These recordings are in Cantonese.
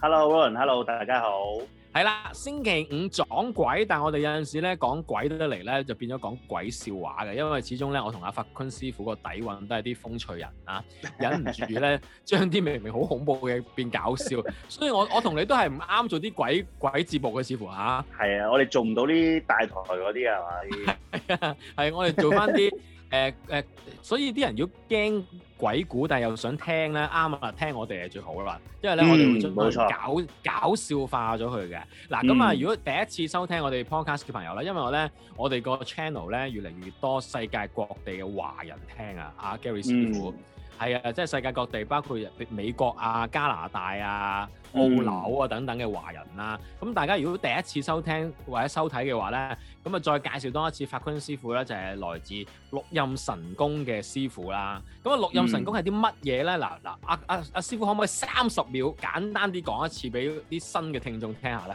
Hello，Ron，Hello，Hello，大家好。係啦，星期五撞鬼，但係我哋有陣時咧講鬼都得嚟咧，就變咗講鬼笑話嘅。因為始終咧，我同阿法坤師傅個底蘊都係啲風趣人啊，忍唔住咧將啲明明好恐怖嘅變搞笑。 所以我我同你都係唔啱做啲鬼鬼節目嘅，似乎嚇。係啊， 我哋做唔到啲大台嗰啲啊嘛。係啊，係我哋做翻啲。 誒誒、嗯嗯，所以啲人如果驚鬼故，但係又想聽咧，啱啊，聽我哋係最好啦，因為咧我哋會將佢搞、嗯、搞笑化咗佢嘅。嗱、啊、咁、嗯、啊，如果第一次收聽我哋 podcast 嘅朋友咧，因為呢我咧我哋個 channel 咧越嚟越多世界各地嘅華人聽啊，啊 Gary 師傅、嗯係啊，即係世界各地，包括美國啊、加拿大啊、澳紐啊等等嘅華人啦。咁大家如果第一次收聽或者收睇嘅話咧，咁啊再介紹多一次法坤師傅咧，就係來自六壬神功嘅師傅啦。咁啊六壬神功係啲乜嘢咧？嗱嗱，阿阿阿師傅可唔可以三十秒簡單啲講一次俾啲新嘅聽眾聽下咧？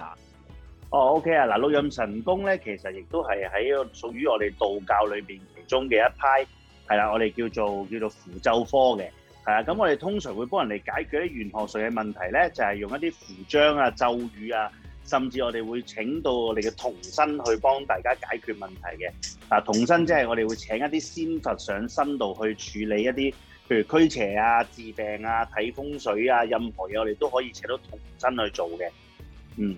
哦，OK 啊！嗱，六壬神功咧，其實亦都係喺屬於我哋道教裏邊其中嘅一派。係啦，我哋叫做叫做符咒科嘅，係啦，咁我哋通常會幫人哋解決啲玄學上嘅問題咧，就係用一啲符章啊、咒語啊，甚至我哋會請到我哋嘅童身去幫大家解決問題嘅。嗱、啊，童身即係我哋會請一啲仙佛上身度去處理一啲，譬如驅邪啊、治病啊、睇風水啊，任何嘢我哋都可以請到童身去做嘅。嗯。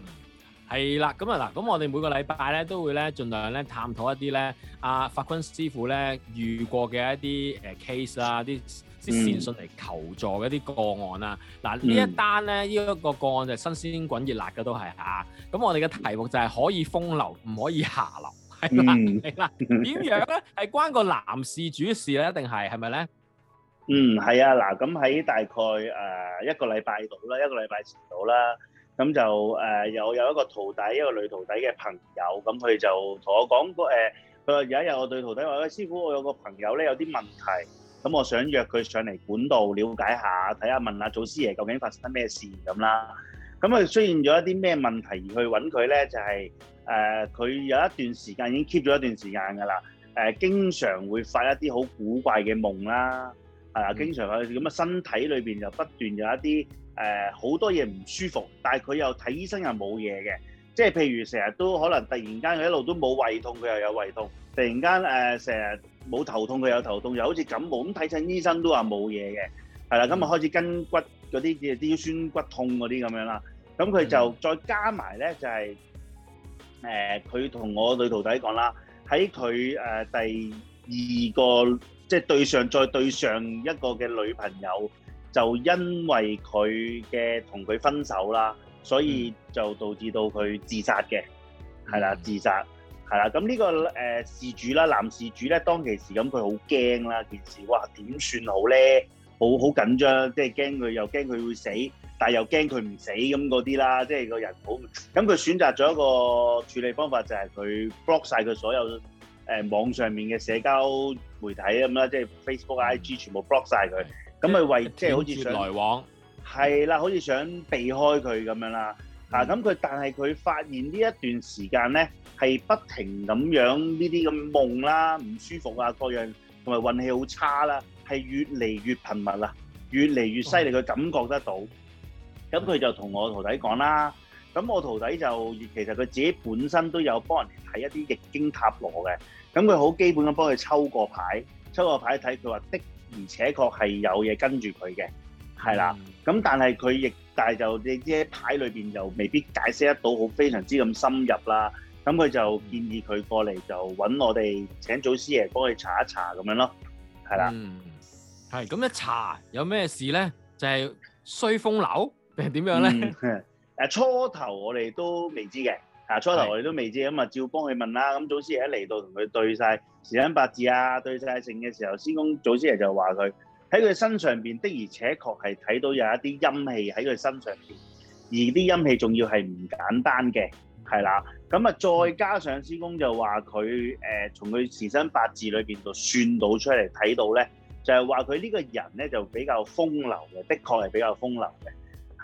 係啦，咁啊嗱，咁我哋每個禮拜咧都會咧盡量咧探討一啲咧阿法坤師傅咧遇過嘅一啲誒 case 啦，啲啲善信嚟求助嘅一啲個案啦。嗱、嗯、呢一單咧，呢、這、一個個案就係新鮮滾熱辣嘅都係嚇。咁我哋嘅題目就係可以風流唔可以下流，係啦係啦，點、嗯、樣咧？係 關個男事主事咧，一定係係咪咧？是是呢嗯，係啊，嗱，咁喺大概誒一個禮拜度啦，一個禮拜前到啦。咁就誒有有一個徒弟一個女徒弟嘅朋友，咁佢就同我講過誒，佢、欸、話有一日我對徒弟話、欸：，師傅，我有個朋友咧有啲問題，咁我想約佢上嚟管道了解下，睇下問下祖師爺究竟發生咩事咁啦。咁佢出現咗一啲咩問題而去揾佢咧，就係誒佢有一段時間已經 keep 咗一段時間㗎啦。誒、呃、經常會發一啲好古怪嘅夢啦，係啊，經常有咁嘅身體裏邊就不斷有一啲。誒好、呃、多嘢唔舒服，但係佢又睇醫生又冇嘢嘅，即係譬如成日都可能突然間佢一路都冇胃痛，佢又有胃痛；突然間誒成日冇頭痛，佢、呃、有頭痛，又好似感冒咁睇診，醫生都話冇嘢嘅，係啦，咁、嗯、就、嗯、開始筋骨嗰啲嘅腰酸骨痛嗰啲咁樣啦。咁佢就再加埋咧，就係誒佢同我女徒弟講啦，喺佢誒第二個即係、就是、對上再對上一個嘅女朋友。就因為佢嘅同佢分手啦，所以就導致到佢自殺嘅，係啦，自殺係啦。咁呢個誒事主啦，男事主咧，當其時咁佢好驚啦，件事哇點算好咧？好好緊張，即係驚佢又驚佢會死，但係又驚佢唔死咁嗰啲啦，即係個人好。咁佢選擇咗一個處理方法就係佢 block 晒佢所有誒網上面嘅社交媒體咁啦，即係 Facebook、IG 全部 block 晒佢。咁咪為即係好似想斷絕來往係啦，好似想避開佢咁樣啦。吓咁佢，但係佢發現呢一段時間咧，係不停咁樣呢啲咁夢啦、啊、唔舒服啊、各樣同埋運氣好差啦、啊，係越嚟越頻密啊，越嚟越犀利，佢、哦、感覺得到。咁佢就同我徒弟講啦。咁我徒弟就其實佢自己本身都有幫人睇一啲易經塔羅嘅。咁佢好基本咁幫佢抽個牌，抽個牌睇，佢話的。而且確係有嘢跟住佢嘅，係啦。咁、嗯、但係佢亦，但係就你啲牌裏邊就未必解釋得到好非常之咁深入啦。咁佢就建議佢過嚟就揾我哋請祖師爺幫佢查一查咁樣咯，係啦。係咁、嗯、一查有咩事咧？就係、是、衰風流定係點樣咧？誒、嗯、初頭我哋都未知嘅。嗱、啊，初頭我哋都未知，咁啊的照幫佢問啦。咁祖師爺喺嚟到同佢對晒時辰八字啊，對晒性嘅時候，師公祖師爺就話佢喺佢身上邊的而且確係睇到有一啲陰氣喺佢身上邊，而啲陰氣仲要係唔簡單嘅，係啦。咁啊，再加上師公就話佢誒從佢時辰八字裏邊就算到出嚟睇到咧，就係話佢呢個人咧就比較風流嘅，的確係比較風流嘅。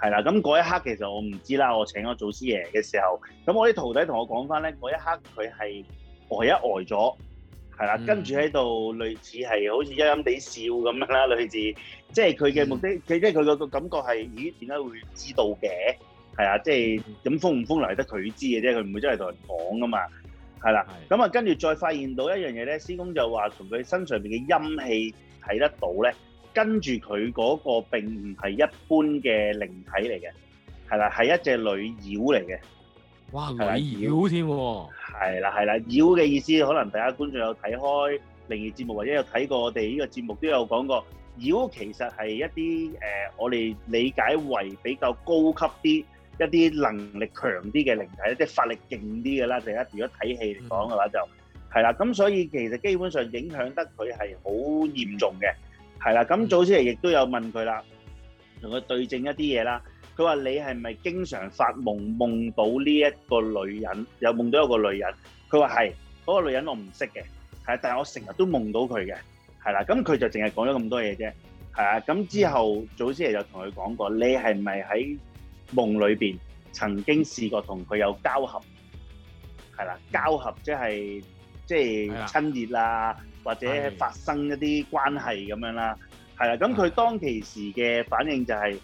係啦，咁嗰一刻其實我唔知啦。我請我祖師爺嘅時候，咁我啲徒弟同我講翻咧，嗰一刻佢係呆一呆、呃、咗，係啦，嗯、跟住喺度類似係好似陰陰地笑咁樣啦，類似，即係佢嘅目的，佢、嗯、即係佢個感覺係，咦？點解會知道嘅？係啊，即係咁風唔風嚟得佢知嘅啫，佢唔會真係同人講噶嘛。係啦，咁啊的，跟住再發現到一樣嘢咧，師公就話從佢身上邊嘅陰氣睇得到咧。跟住佢嗰個並唔係一般嘅靈體嚟嘅，係啦，係一隻女妖嚟嘅。哇，女妖添喎！係啦、啊，係啦，妖嘅意思，可能大家觀眾有睇開靈異節目，或者有睇過我哋呢個節目都有講過，妖其實係一啲誒、呃，我哋理解為比較高級啲、一啲能力強啲嘅靈體，即係法力勁啲嘅啦。大家如果睇戲嚟講嘅話就，就係啦。咁所以其實基本上影響得佢係好嚴重嘅。係啦，咁祖師爺亦都有問佢啦，同佢對證一啲嘢啦。佢話：你係咪經常發夢夢到呢一個女人？有夢到一個女人。佢話係，嗰個女人我唔識嘅，係，但係我成日都夢到佢嘅。係啦，咁佢就淨係講咗咁多嘢啫。係啊，咁之後祖師爺就同佢講過，你係咪喺夢裏邊曾經試過同佢有交合？係啦，交合即係。即係親熱啊，或者發生一啲關係咁樣啦，係啦的。咁佢當其時嘅反應就係誒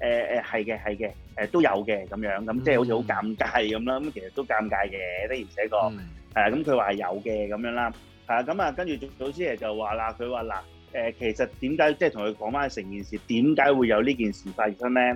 誒係嘅係嘅，誒、呃、都有嘅咁樣，咁即係好似好尷尬咁啦。咁、嗯、其實都尷尬嘅。例如寫個誒，咁佢話有嘅咁樣啦，係啊。咁啊，跟住祖師爺就話啦，佢話嗱誒，其實點解即係同佢講翻成件事，點解會有呢件事發生咧？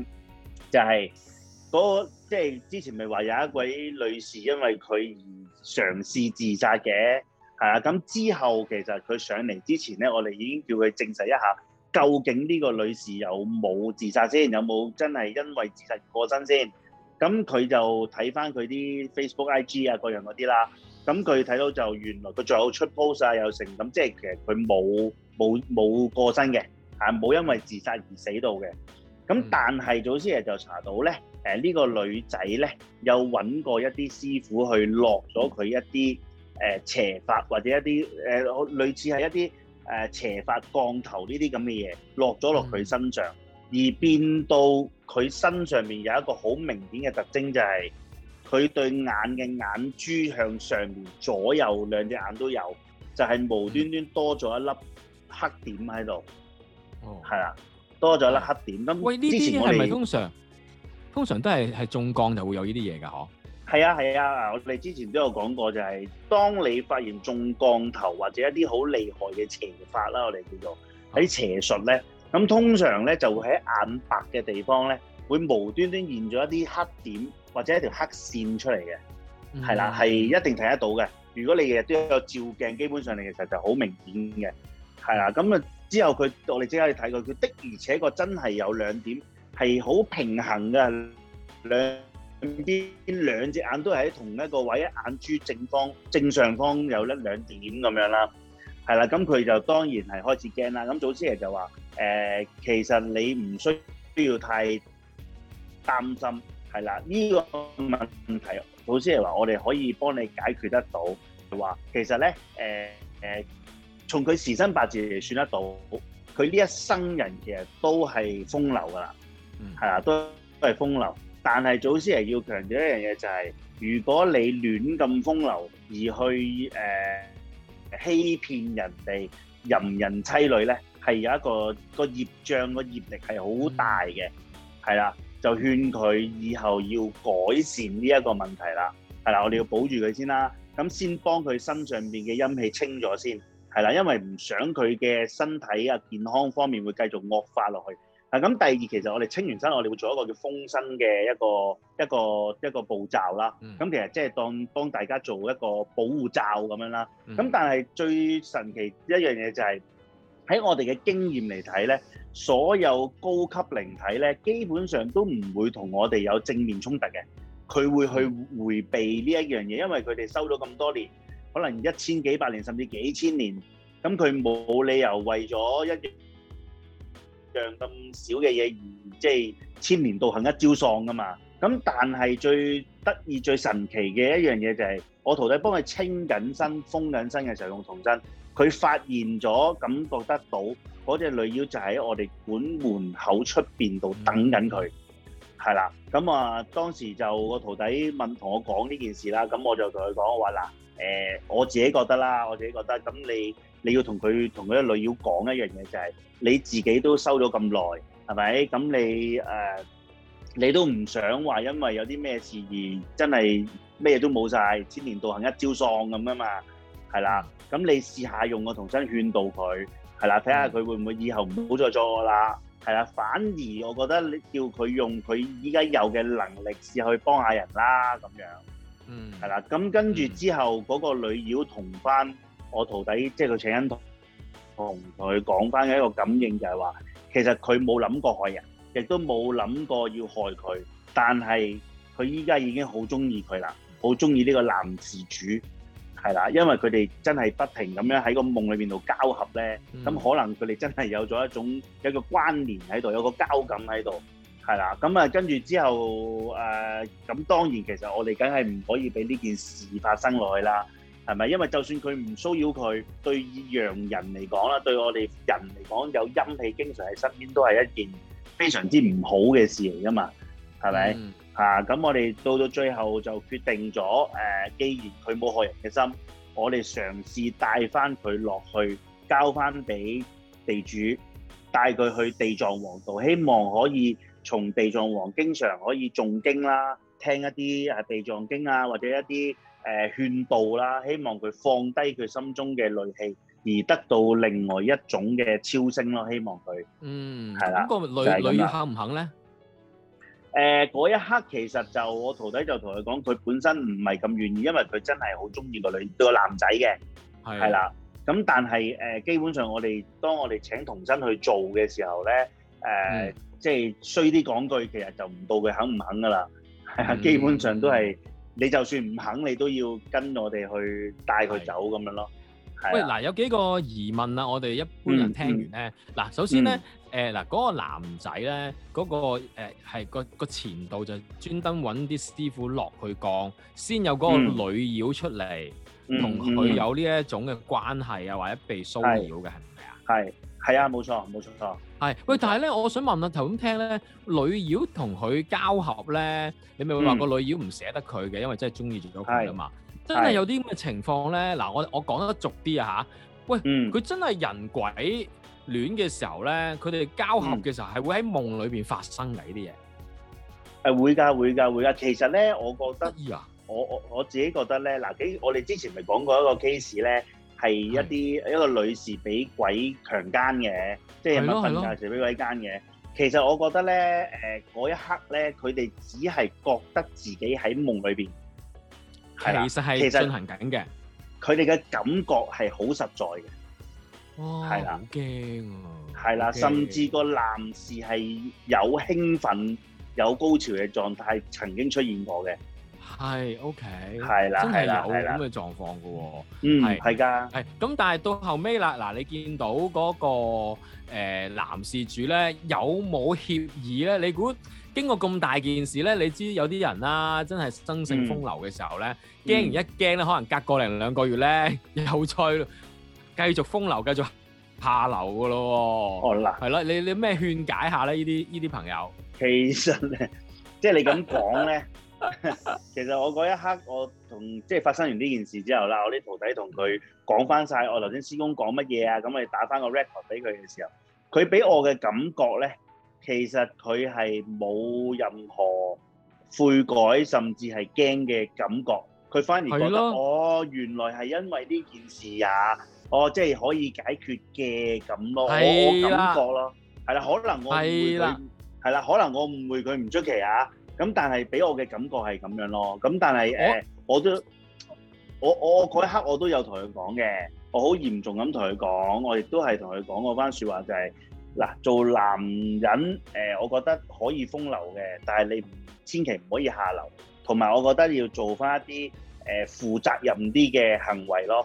就係、是。嗰個即係之前咪話有一位女士因為佢而嘗試自殺嘅，係啊，咁之後其實佢上嚟之前咧，我哋已經叫佢證實一下，究竟呢個女士有冇自殺先，有冇真係因為自殺而過身先？咁、啊、佢就睇翻佢啲 Facebook、IG 啊，各樣嗰啲啦，咁佢睇到就原來佢仲有出 post 啊，有成，咁、啊、即係其實佢冇冇冇過身嘅。啊冇因為自殺而死到嘅。咁、啊、但係早先日就查到咧。誒呢、呃這個女仔咧，有揾過一啲師傅去落咗佢一啲誒、嗯呃、邪法，或者一啲誒、呃、類似係一啲誒、呃、邪法降頭呢啲咁嘅嘢，落咗落佢身上，嗯、而變到佢身上面有一個好明顯嘅特徵，就係、是、佢對眼嘅眼珠向上面，左右兩隻眼都有，就係、是、無端端多咗一粒黑點喺度，係啦、哦，多咗一粒黑點。咁之前我哋、哦，呢啲係咪通常？通常都係係中降就會有呢啲嘢噶，嗬、啊？係啊係啊，我哋之前都有講過、就是，就係當你發現中降頭或者一啲好厲害嘅邪法啦，我哋叫做喺、哦、邪術咧。咁通常咧就會喺眼白嘅地方咧，會無端端現咗一啲黑點或者一條黑線出嚟嘅，係啦、嗯，係、啊、一定睇得到嘅。如果你日都有照鏡，基本上你其實就好明顯嘅，係啦、啊。咁啊之後佢，我哋即刻去睇佢，佢的而且確真係有兩點。係好平衡嘅，兩邊兩隻眼都喺同一個位，眼珠正方正上方有一兩點咁樣啦，係啦，咁佢就當然係開始驚啦。咁祖師爺就話：誒、呃，其實你唔需要太擔心，係啦，呢、這個問題，祖師爺話我哋可以幫你解決得到，就話其實咧，誒、呃、誒，從、呃、佢時身八字嚟算得到，佢呢一生人其實都係風流噶啦。係啊，都都係風流，但係祖師爺要強調一樣嘢就係、是，如果你亂咁風流而去誒、呃、欺騙人哋淫人妻女咧，係有一個個業障個業力係好大嘅，係啦，就勸佢以後要改善呢一個問題啦。係啦，我哋要保住佢先啦，咁先幫佢身上邊嘅陰氣清咗先，係啦，因為唔想佢嘅身體啊健康方面會繼續惡化落去。啊咁第二，其實我哋清完身，我哋會做一個叫封身嘅一個一個一個步驟啦。咁、mm hmm. 其實即係當當大家做一個保護罩咁樣啦。咁、mm hmm. 但係最神奇一樣嘢就係、是、喺我哋嘅經驗嚟睇咧，所有高級靈體咧，基本上都唔會同我哋有正面衝突嘅。佢會去迴避呢一樣嘢，因為佢哋收咗咁多年，可能一千幾百年甚至幾千年，咁佢冇理由為咗一咁少嘅嘢而即係千年道行一朝喪噶嘛，咁但係最得意最神奇嘅一樣嘢就係、是、我徒弟幫佢清緊身封緊身嘅時候用童真，佢發現咗感覺得到嗰隻、那個、女妖就喺我哋館門口出邊度等緊佢。係啦、嗯，咁啊、嗯、當時就我徒弟問同我講呢件事啦，咁我就同佢講話嗱，誒我、呃、我自己覺得啦，我自己覺得咁你。你要同佢同佢個女妖講一樣嘢，就係、是、你自己都收咗咁耐，係咪？咁你誒、呃，你都唔想話，因為有啲咩事而真係咩嘢都冇晒，千年道行一朝喪咁啊嘛？係啦，咁、mm hmm. 你試下用個童生勸導佢，係啦，睇下佢會唔會以後唔好再做啦？係啦，反而我覺得你叫佢用佢依家有嘅能力試去幫下人啦，咁樣，嗯，係啦，咁跟住之後嗰、mm hmm. 個女妖同翻。我徒弟即係佢請緊同同佢講翻嘅一個感應就，就係話其實佢冇諗過害人，亦都冇諗過要害佢。但係佢依家已經好中意佢啦，好中意呢個男事主係啦，因為佢哋真係不停咁樣喺個夢裏面度交合咧。咁、嗯、可能佢哋真係有咗一種有一個關聯喺度，有個交感喺度係啦。咁啊，跟住之後誒，咁、呃、當然其實我哋梗係唔可以俾呢件事發生落去啦。係咪？因為就算佢唔騷擾佢，對於洋人嚟講啦，對我哋人嚟講有陰氣，經常喺身邊都係一件非常之唔好嘅事嚟㗎嘛？係咪？吓咁、嗯，啊、我哋到到最後就決定咗，誒、呃，既然佢冇害人嘅心，我哋嘗試帶翻佢落去，交翻俾地主，帶佢去地藏王度，希望可以從地藏王經常可以誦經啦，聽一啲係地藏經啊，或者一啲。誒勸導啦，希望佢放低佢心中嘅戾氣，而得到另外一種嘅超生咯。希望佢，嗯，係啦。咁個女女嘅肯唔肯咧？誒，嗰一刻其實就我徒弟就同佢講，佢本身唔係咁願意，因為佢真係好中意個女對個男仔嘅，係啦。咁但係誒，基本上我哋當我哋請童真去做嘅時候咧，誒，即係衰啲講句，其實就唔到佢肯唔肯噶啦，係啊，基本上都係。你就算唔肯，你都要跟我哋去帶佢走咁樣咯。係。係。喂，嗱有幾個疑問啊！我哋一般人聽完咧，嗱、嗯嗯、首先咧，誒嗱嗰個男仔咧，嗰、嗰個誒係、呃嗰個嗰個前度就專登揾啲師傅落去降，先有嗰個女妖出嚟，同佢、嗯、有呢一種嘅關係啊，或者被騷擾嘅係咪啊？係、嗯。嗯係啊，冇錯，冇錯錯。係 喂，但係咧，我想問下頭先聽咧，女妖同佢交合咧，你咪會話個女妖唔捨得佢嘅，因為真係中意住咗佢啦嘛。真係有啲咁嘅情況咧，嗱，我我講得俗啲啊吓。喂，佢、嗯、真係人鬼戀嘅時候咧，佢哋交合嘅時候係會喺夢裏邊發生嘅呢啲嘢，係會噶，會噶，會噶。其實咧，我覺得，嗎我我我自己覺得咧，嗱，我哋之前咪講過一個 case 咧。係一啲的一個女士俾鬼強姦嘅，即係有乜瞓覺時俾鬼奸嘅。的其實我覺得咧，誒、呃、嗰一刻咧，佢哋只係覺得自己喺夢裏邊，係啦，其實係進行緊嘅。佢哋嘅感覺係好實在嘅，係啦，好驚啦，甚至個男士係有興奮、有高潮嘅狀態曾經出現過嘅。係，OK，係啦，係啦，係啦，真係有咁嘅狀況噶喎。嗯，係，係噶。係咁，但係到後尾啦，嗱，你見到嗰個誒男事主咧，有冇協議咧？你估經過咁大件事咧，你知有啲人啦，真係生性風流嘅時候咧，驚完一驚咧，可能隔個零兩個月咧，又再繼續風流，繼續下流噶咯喎。哦，嗱，係咯，你你咩勸解下咧？依啲依啲朋友，其實咧，即係你咁講咧。 其實我嗰一刻，我同即係發生完呢件事之後啦，我啲徒弟同佢講翻晒我頭先師公講乜嘢啊，咁我哋打翻個 recording 俾佢嘅時候，佢俾我嘅感覺咧，其實佢係冇任何悔改，甚至係驚嘅感覺。佢反而覺得的哦，原來係因為呢件事啊，哦，即係可以解決嘅咁咯。係的感覺囉，係啦，係啦，可能我誤會佢，係啦的，係啦，可能我誤會佢唔出奇呀，咁但係俾我嘅感覺係咁樣咯，咁但係誒、啊呃，我都我我嗰一刻我都有同佢講嘅，我好嚴重咁同佢講，我亦都係同佢講嗰番説話就係、是，嗱做男人誒、呃，我覺得可以風流嘅，但係你千祈唔可以下流，同埋我覺得要做翻一啲誒、呃、負責任啲嘅行為咯，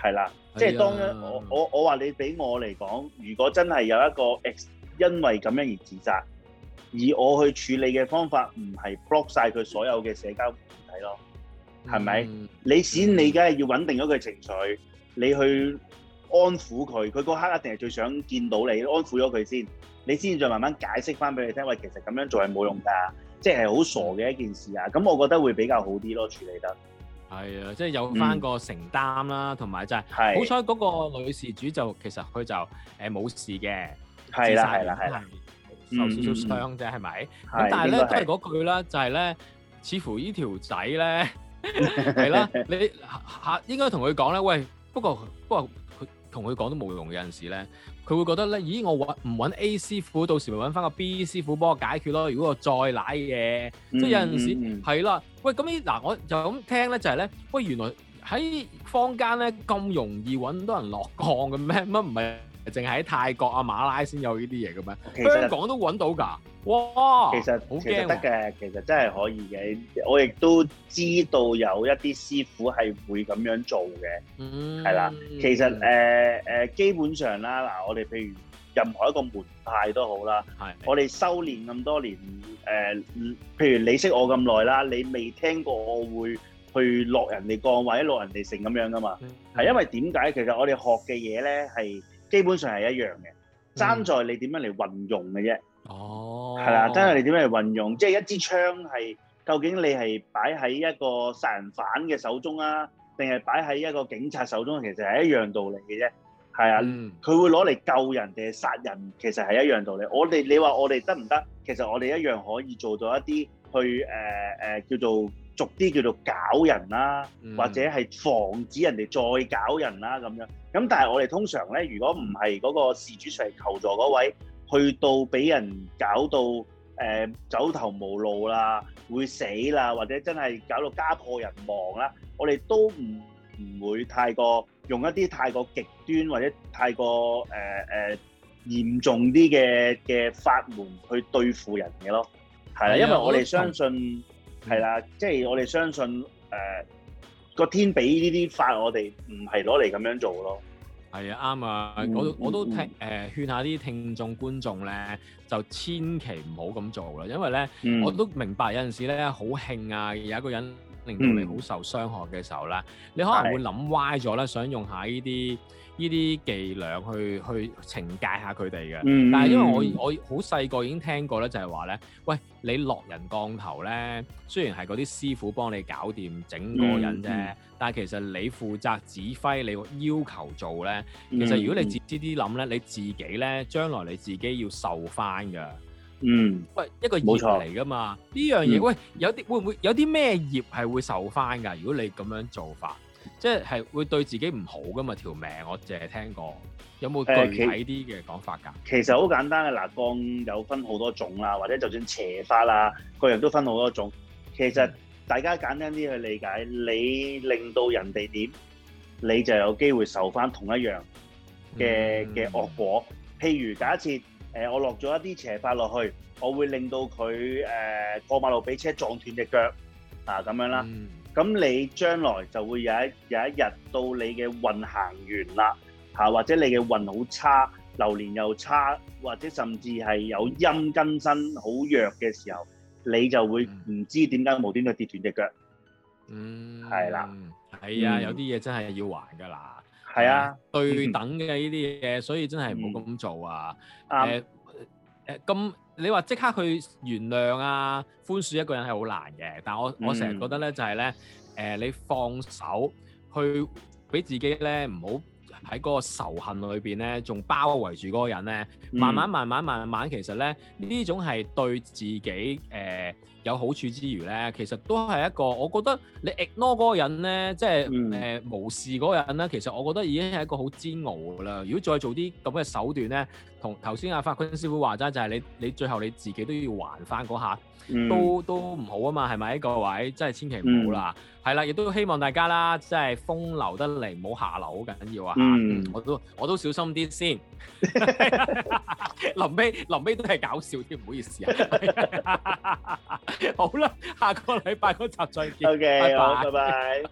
係啦，即係當我、哎、呀我我話你俾我嚟講，如果真係有一個 ex 因為咁樣而自殺。以我去處理嘅方法唔係 block 晒佢所有嘅社交媒體咯，係咪？嗯、你先，你梗係要穩定咗佢情緒，你去安撫佢，佢嗰刻一定係最想見到你，安撫咗佢先，你先再慢慢解釋翻俾你聽，喂，其實咁樣做係冇用㗎，即係好傻嘅一件事啊！咁我覺得會比較好啲咯，處理得。係啊，即係有翻個承擔啦，同埋即係，就是、是好彩嗰個女事主就其實佢就誒冇事嘅，係啦、啊，係啦、啊，係、啊。受少少傷啫，係咪、mm？咁、hmm. 但係呢咧，都係嗰句啦，就係、是、咧，似乎條呢條仔咧係啦，你下，下應該同佢講咧，喂，不過不過佢同佢講都冇用，有陣時咧，佢會覺得咧，咦，我唔揾 A 師傅，到時咪揾返個 B 師傅幫我解決咯。如果我再賴嘢，即係、mm hmm. 有陣時係啦。喂，咁呢嗱，我就咁聽咧就係、是、咧，喂，原來喺坊間咧咁容易揾到人落降嘅咩？乜唔係？淨係喺泰國啊馬拉先有呢啲嘢嘅咩？其實香港都揾到㗎，哇！其實好驚。得嘅，其實真係可以嘅。我亦都知道有一啲師傅係會咁樣做嘅，係啦、嗯。其實誒誒、呃呃，基本上啦，嗱、呃，我哋譬如任何一個門派都好啦，的我哋修練咁多年，誒、呃，譬如你識我咁耐啦，你未聽過我會去落人哋降位、落人哋成咁樣㗎嘛？係因為點解？其實我哋學嘅嘢咧係。基本上係一樣嘅，爭在你點樣嚟運用嘅啫。哦，係啦，爭係你點樣嚟運用，即係一支槍係究竟你係擺喺一個殺人犯嘅手中啊，定係擺喺一個警察手中，其實係一樣道理嘅啫。係啊，佢、嗯、會攞嚟救人定係殺人，其實係一樣道理。我哋你話我哋得唔得？其實我哋一樣可以做到一啲去誒誒、呃呃、叫做。俗啲叫做搞人啦，嗯、或者係防止人哋再搞人啦咁樣。咁但係我哋通常咧，如果唔係嗰個事主上嚟求助嗰位，去到俾人搞到誒、呃、走投無路啦，會死啦，或者真係搞到家破人亡啦，我哋都唔唔會太過用一啲太過極端或者太過誒誒嚴重啲嘅嘅法門去對付人嘅咯。係啦、哎呀，因為我哋相信。係啦，嗯、 即係我哋相信誒個、呃、天俾呢啲法，我哋唔係攞嚟咁樣做咯。係啊，啱啊，我、嗯嗯、我都聽誒勸、呃、下啲聽眾觀眾咧，就千祈唔好咁做啦，因為咧、嗯、我都明白有陣時咧好㷫啊，有一個人令到你好受傷害嘅時候咧，嗯、你可能會諗歪咗咧，的想用下呢啲。呢啲伎倆去去懲戒下佢哋嘅，嗯、但係因為我、嗯、我好細個已經聽過咧，就係話咧，喂，你落人降頭咧，雖然係嗰啲師傅幫你搞掂整個人啫，嗯、但係其實你負責指揮，你要求做咧，嗯、其實如果你自私啲諗咧，你自己咧將來你自己要受翻噶，嗯，喂，一個業嚟噶嘛，呢錯樣嘢、嗯、喂，有啲會唔會有啲咩業係會受翻噶？如果你咁樣做法？即係會對自己唔好噶嘛條命，我淨係聽過，有冇具體啲嘅講法㗎？其實好簡單嘅，嗱，降有分好多種啦，或者就算邪法啊，個樣都分好多種。其實大家簡單啲去理解，你令到人哋點，你就有機會受返同一樣嘅嘅、嗯、惡果。譬如假設誒我落咗一啲邪法落去，我會令到佢誒、呃、過馬路俾車撞斷隻腳啊咁樣啦。嗯。咁你將來就會有一有一日到你嘅運行完啦，嚇、啊、或者你嘅運好差，流年又差，或者甚至係有陰根身好弱嘅時候，你就會唔知點解無端端跌斷隻腳。嗯，係啦、啊，嗯，係啊，有啲嘢真係要還噶啦，係啊，對、嗯、等嘅呢啲嘢，所以真係唔好咁做啊，誒、嗯。嗯呃誒咁，你話即刻去原諒啊、寬恕一個人係好難嘅，但我我成日覺得咧就係呢：誒、就是呃、你放手去俾自己呢，唔好喺嗰個仇恨裏邊咧，仲包圍住嗰個人咧，嗯、慢慢慢慢慢慢，其實咧呢種係對自己誒、呃、有好處之餘咧，其實都係一個，我覺得你 ignore 嗰個人咧，即係誒無視嗰個人咧，其實我覺得已經係一個好煎熬㗎啦。如果再做啲咁嘅手段咧，同頭先阿法坤師傅話齋，就係你你最後你自己都要還翻嗰下。嗯、都都唔好啊嘛，係咪各位？真係千祈唔好啦。係、嗯、啦，亦都希望大家啦，即係風流得嚟，唔好下流，好緊要啊！嗯、我都我都小心啲先。臨尾臨尾都係搞笑啲，唔好意思啊。 好啦，下個禮拜嗰集再見。OK，好，拜拜。Bye bye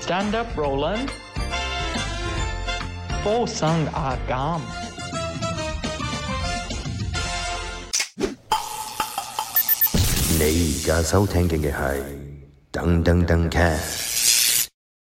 Stand up, Roland. 高生阿監，你而家收聽緊嘅係燈登登劇。